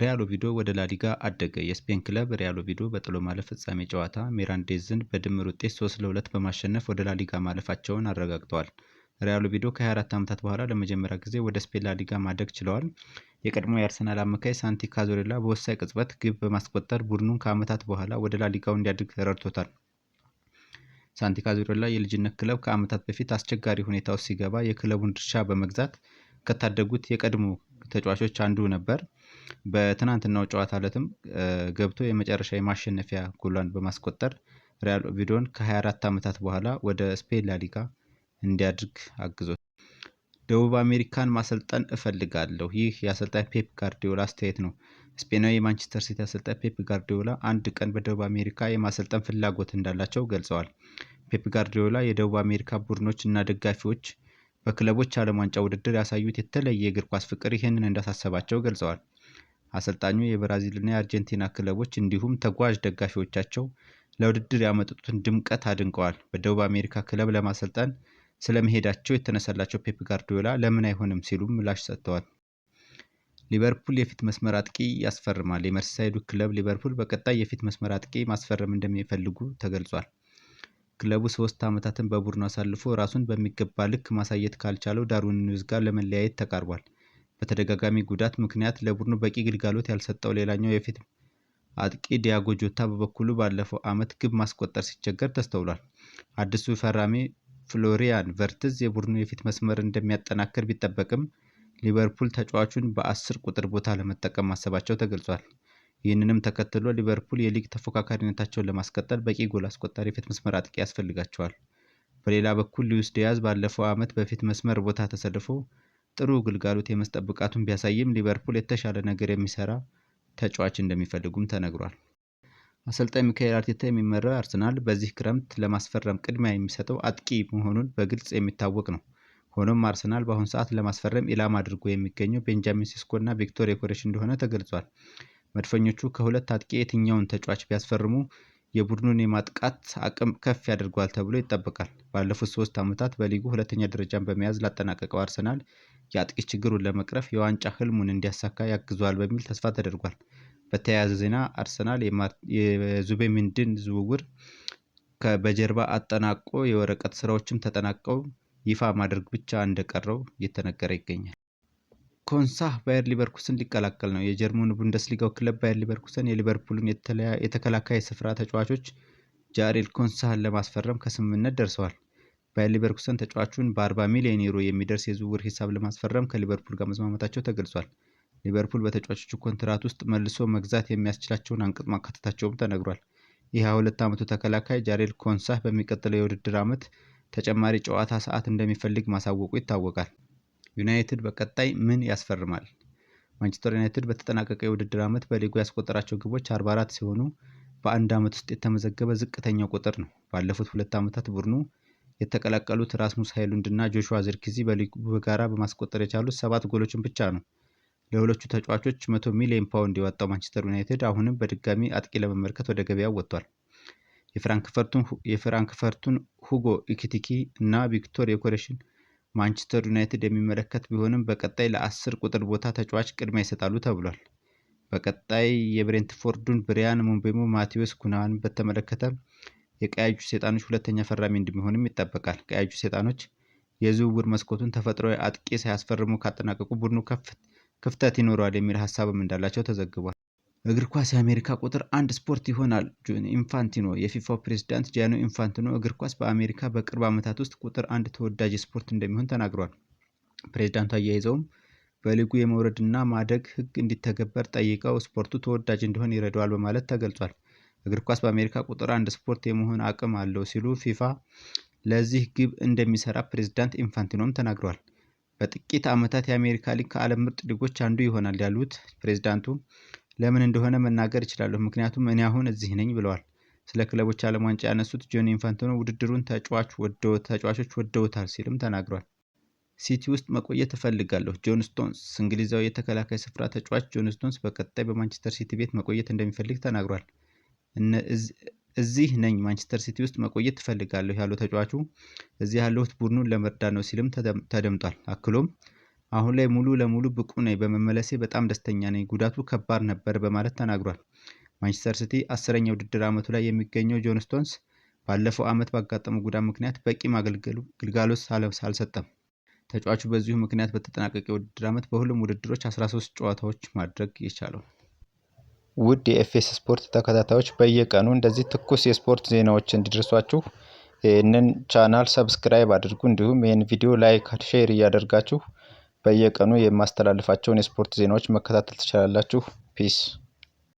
ሪያል ኦቪዶ ወደ ላሊጋ አደገ። የስፔን ክለብ ሪያል ኦቪዶ በጥሎ ማለፍ ፍጻሜ ጨዋታ ሜራንዴዝን በድምር ውጤት 3 ለ2 በማሸነፍ ወደ ላሊጋ ማለፋቸውን አረጋግጠዋል። ሪያል ኦቪዶ ከ24 ዓመታት በኋላ ለመጀመሪያ ጊዜ ወደ ስፔን ላሊጋ ማደግ ችለዋል። የቀድሞ የአርሰናል አማካይ ሳንቲ ካዞሬላ በወሳኝ ቅጽበት ግብ በማስቆጠር ቡድኑን ከዓመታት በኋላ ወደ ላሊጋው እንዲያድግ ረድቶታል። ሳንቲ ካዞሬላ የልጅነት ክለብ ከዓመታት በፊት አስቸጋሪ ሁኔታ ውስጥ ሲገባ የክለቡን ድርሻ በመግዛት ከታደጉት የቀድሞ ተጫዋቾች አንዱ ነበር። በትናንትናው ጨዋታ ዕለትም ገብቶ የመጨረሻ የማሸነፊያ ጎሏን በማስቆጠር ሪያል ኦቪዶን ከ24 ዓመታት በኋላ ወደ ስፔን ላሊጋ እንዲያድግ አግዞት። ደቡብ አሜሪካን ማሰልጠን እፈልጋለሁ። ይህ የአሰልጣኝ ፔፕ ጋርዲዮላ አስተያየት ነው። ስፔናዊ የማንቸስተር ሲቲ አሰልጣኝ ፔፕ ጋርዲዮላ አንድ ቀን በደቡብ አሜሪካ የማሰልጠን ፍላጎት እንዳላቸው ገልጸዋል። ፔፕ ጋርዲዮላ የደቡብ አሜሪካ ቡድኖች እና ደጋፊዎች በክለቦች ዓለም ዋንጫ ውድድር ያሳዩት የተለየ የእግር ኳስ ፍቅር ይህንን እንዳሳሰባቸው ገልጸዋል። አሰልጣኙ የብራዚልና የአርጀንቲና ክለቦች እንዲሁም ተጓዥ ደጋፊዎቻቸው ለውድድር ያመጡትን ድምቀት አድንቀዋል። በደቡብ አሜሪካ ክለብ ለማሰልጠን ስለመሄዳቸው የተነሳላቸው ፔፕ ጋርዲዮላ ለምን አይሆንም ሲሉም ምላሽ ሰጥተዋል። ሊቨርፑል የፊት መስመር አጥቂ ያስፈርማል። የመርሳይዱ ክለብ ሊቨርፑል በቀጣይ የፊት መስመር አጥቂ ማስፈረም እንደሚፈልጉ ተገልጿል። ክለቡ ሶስት ዓመታትን በቡድኑ አሳልፎ ራሱን በሚገባ ልክ ማሳየት ካልቻለው ዳርዊን ኑዝ ጋር ለመለያየት ተቃርቧል። በተደጋጋሚ ጉዳት ምክንያት ለቡድኑ በቂ ግልጋሎት ያልሰጠው ሌላኛው የፊት አጥቂ ዲያጎ ጆታ በበኩሉ ባለፈው ዓመት ግብ ማስቆጠር ሲቸገር ተስተውሏል። አዲሱ ፈራሚ ፍሎሪያን ቨርትዝ የቡድኑ የፊት መስመር እንደሚያጠናክር ቢጠበቅም ሊቨርፑል ተጫዋቹን በአስር ቁጥር ቦታ ለመጠቀም ማሰባቸው ተገልጿል። ይህንንም ተከትሎ ሊቨርፑል የሊግ ተፎካካሪነታቸውን ለማስቀጠል በቂ ጎል አስቆጣሪ የፊት መስመር አጥቂ ያስፈልጋቸዋል። በሌላ በኩል ሉዊስ ዲያዝ ባለፈው ዓመት በፊት መስመር ቦታ ተሰልፎ ጥሩ ግልጋሎት የመስጠት ብቃቱን ቢያሳይም ሊቨርፑል የተሻለ ነገር የሚሰራ ተጫዋች እንደሚፈልጉም ተነግሯል። አሰልጣኝ ሚካኤል አርቴታ የሚመራው አርሰናል በዚህ ክረምት ለማስፈረም ቅድሚያ የሚሰጠው አጥቂ መሆኑን በግልጽ የሚታወቅ ነው። ሆኖም አርሰናል በአሁኑ ሰዓት ለማስፈረም ኢላማ አድርጎ የሚገኘው ቤንጃሚን ሲስኮ እና ቪክቶር ዮኬሬሽ እንደሆነ ተገልጿል። መድፈኞቹ ከሁለት አጥቂ የትኛውን ተጫዋች ቢያስፈርሙ የቡድኑን የማጥቃት አቅም ከፍ ያደርገዋል ተብሎ ይጠበቃል። ባለፉት ሶስት ዓመታት በሊጉ ሁለተኛ ደረጃን በመያዝ ላጠናቀቀው አርሰናል የአጥቂ ችግሩን ለመቅረፍ የዋንጫ ህልሙን እንዲያሳካ ያግዟል በሚል ተስፋ ተደርጓል። በተያያዘ ዜና አርሰናል የዙቤሜንዲን ዝውውር በጀርባ አጠናቆ የወረቀት ስራዎችም ተጠናቀው ይፋ ማድረግ ብቻ እንደቀረው እየተነገረ ይገኛል። ኮንሳህ ባየር ሊቨርኩሰን ሊቀላቀል ነው። የጀርመኑ ቡንደስሊጋው ክለብ ባየር ሊቨርኩሰን የሊቨርፑልን የተከላካይ ስፍራ ተጫዋቾች ጃሬል ኮንሳን ለማስፈረም ከስምምነት ደርሰዋል። ባየር ሊቨርኩሰን ተጫዋቹን በ40 ሚሊዮን ዩሮ የሚደርስ የዝውውር ሂሳብ ለማስፈረም ከሊቨርፑል ጋር መስማማታቸው ተገልጿል። ሊቨርፑል በተጫዋቾቹ ኮንትራት ውስጥ መልሶ መግዛት የሚያስችላቸውን አንቀጽ ማካተታቸውም ተነግሯል ይህ የ22 ዓመቱ ተከላካይ ጃሬል ኮንሳህ በሚቀጥለው የውድድር ዓመት ተጨማሪ ጨዋታ ሰዓት እንደሚፈልግ ማሳወቁ ይታወቃል። ዩናይትድ በቀጣይ ምን ያስፈርማል? ማንቸስተር ዩናይትድ በተጠናቀቀ የውድድር ዓመት በሊጉ ያስቆጠራቸው ግቦች 44 ሲሆኑ በአንድ ዓመት ውስጥ የተመዘገበ ዝቅተኛው ቁጥር ነው። ባለፉት ሁለት ዓመታት ቡድኑ የተቀላቀሉት ራስሙስ ሆይሉንድ እና ጆሹዋ በሊጉ በጋራ በማስቆጠር የቻሉት ሰባት ጎሎችን ብቻ ነው። ለሁለቱ ተጫዋቾች 100 ሚሊዮን ፓውንድ የወጣው ማንቸስተር ዩናይትድ አሁንም በድጋሚ አጥቂ ለመመልከት ወደ ገበያው ወጥቷል። የፍራንክፈርቱን ሁጎ ኢኪቲኪ እና ቪክቶር ዮኬሬስን ማንቸስተር ዩናይትድ የሚመለከት ቢሆንም በቀጣይ ለአስር ቁጥር ቦታ ተጫዋች ቅድሚያ ይሰጣሉ ተብሏል። በቀጣይ የብሬንትፎርዱን ብሪያን ሙምቤሞ ማቴዎስ ኩናን በተመለከተ የቀያጁ ሰይጣኖች ሁለተኛ ፈራሚ እንደሚሆንም ይጠበቃል። ቀያጁ ሰይጣኖች የዝውውር መስኮቱን ተፈጥሯዊ አጥቂ ሳያስፈርሙ ካጠናቀቁ ቡድኑ ክፍተት ይኖረዋል የሚል ሀሳብም እንዳላቸው ተዘግቧል። እግር ኳስ የአሜሪካ ቁጥር አንድ ስፖርት ይሆናል። ጁን ኢንፋንቲኖ የፊፋው ፕሬዝዳንት ጃኖ ኢንፋንቲኖ እግር ኳስ በአሜሪካ በቅርብ ዓመታት ውስጥ ቁጥር አንድ ተወዳጅ ስፖርት እንደሚሆን ተናግሯል። ፕሬዝዳንቱ አያይዘውም በሊጉ የመውረድና ማደግ ሕግ እንዲተገበር ጠይቀው ስፖርቱ ተወዳጅ እንዲሆን ይረዳዋል በማለት ተገልጿል። እግር ኳስ በአሜሪካ ቁጥር አንድ ስፖርት የመሆን አቅም አለው ሲሉ ፊፋ ለዚህ ግብ እንደሚሰራ ፕሬዝዳንት ኢንፋንቲኖም ተናግረዋል። በጥቂት ዓመታት የአሜሪካ ሊግ ከዓለም ምርጥ ሊጎች አንዱ ይሆናል ያሉት ፕሬዝዳንቱ ለምን እንደሆነ መናገር እችላለሁ፣ ምክንያቱም እኔ አሁን እዚህ ነኝ ብለዋል። ስለ ክለቦች ዓለም ዋንጫ ያነሱት ጆኒ ኢንፋንቲኖ ውድድሩን ተጫዋቾች ወደውታል ሲልም ተናግሯል። ሲቲ ውስጥ መቆየት እፈልጋለሁ። ጆን ስቶንስ እንግሊዛዊ የተከላካይ ስፍራ ተጫዋች ጆን ስቶንስ በቀጣይ በማንቸስተር ሲቲ ቤት መቆየት እንደሚፈልግ ተናግሯል። እዚህ ነኝ ማንቸስተር ሲቲ ውስጥ መቆየት ትፈልጋለሁ ያለው ተጫዋቹ እዚህ ያለሁት ቡድኑን ለመርዳት ነው ሲልም ተደምጧል። አክሎም አሁን ላይ ሙሉ ለሙሉ ብቁ ነኝ፣ በመመለሴ በጣም ደስተኛ ነኝ፣ ጉዳቱ ከባድ ነበር በማለት ተናግሯል። ማንቸስተር ሲቲ አስረኛ ውድድር ዓመቱ ላይ የሚገኘው ጆን ስቶንስ ባለፈው ዓመት ባጋጠመው ጉዳት ምክንያት በቂ ግልጋሎት አልሰጠም። ተጫዋቹ በዚሁ ምክንያት በተጠናቀቀ ውድድር ዓመት በሁሉም ውድድሮች 13 ጨዋታዎች ማድረግ የቻለው ውድ የኤፌስ ስፖርት ተከታታዮች በየቀኑ እንደዚህ ትኩስ የስፖርት ዜናዎች እንዲደርሷችሁ ይህንን ቻናል ሰብስክራይብ አድርጉ። እንዲሁም ይህን ቪዲዮ ላይክ፣ ሼር እያደርጋችሁ በየቀኑ የማስተላልፋቸውን የስፖርት ዜናዎች መከታተል ትችላላችሁ። ፒስ